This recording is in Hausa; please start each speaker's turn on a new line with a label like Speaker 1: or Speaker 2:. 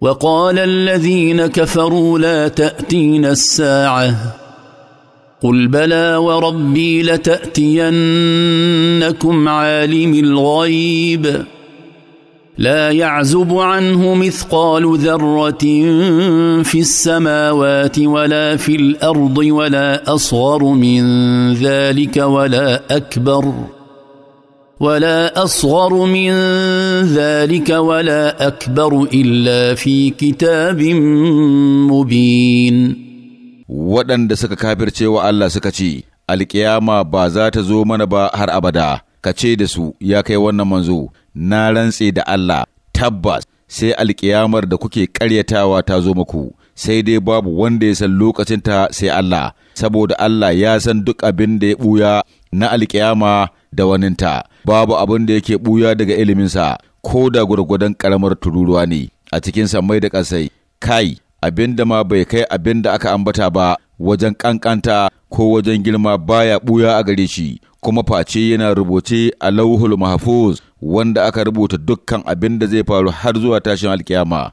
Speaker 1: وقال الذين كفروا لا تاتين الساعه قل بلى وربي لتاتينكم عالم الغيب لا يعزب عنه مثقال ذره في السماوات ولا في الارض ولا اصغر من ذلك ولا اكبر ولا اصغر من ذلك ولا اكبر الا في كتاب مبين waɗanda suka
Speaker 2: kafirce wa Allah suka ce alƙiyama ba za ta zo mana ba har abada ka ce da su ya kai wannan manzo na rantse da Allah tabbas sai alƙiyamar da kuke ƙaryatawa ta zo muku sai dai babu wanda ya san lokacinta sai Allah, saboda Allah ya san duk abin da ya ɓuya na alkiyama da waninta, babu abin da yake ɓuya daga iliminsa, ko da gwargwadon ƙaramar tururuwa ne a cikin mai da ƙasai, kai abin da ma bai kai abin da aka ambata ba wajen ƙanƙanta ko wajen girma baya ɓuya a gare shi, kuma face yana rubuce a lauhul mahfuz wanda aka rubuta dukkan abin da zai faru har zuwa tashin alkiyama.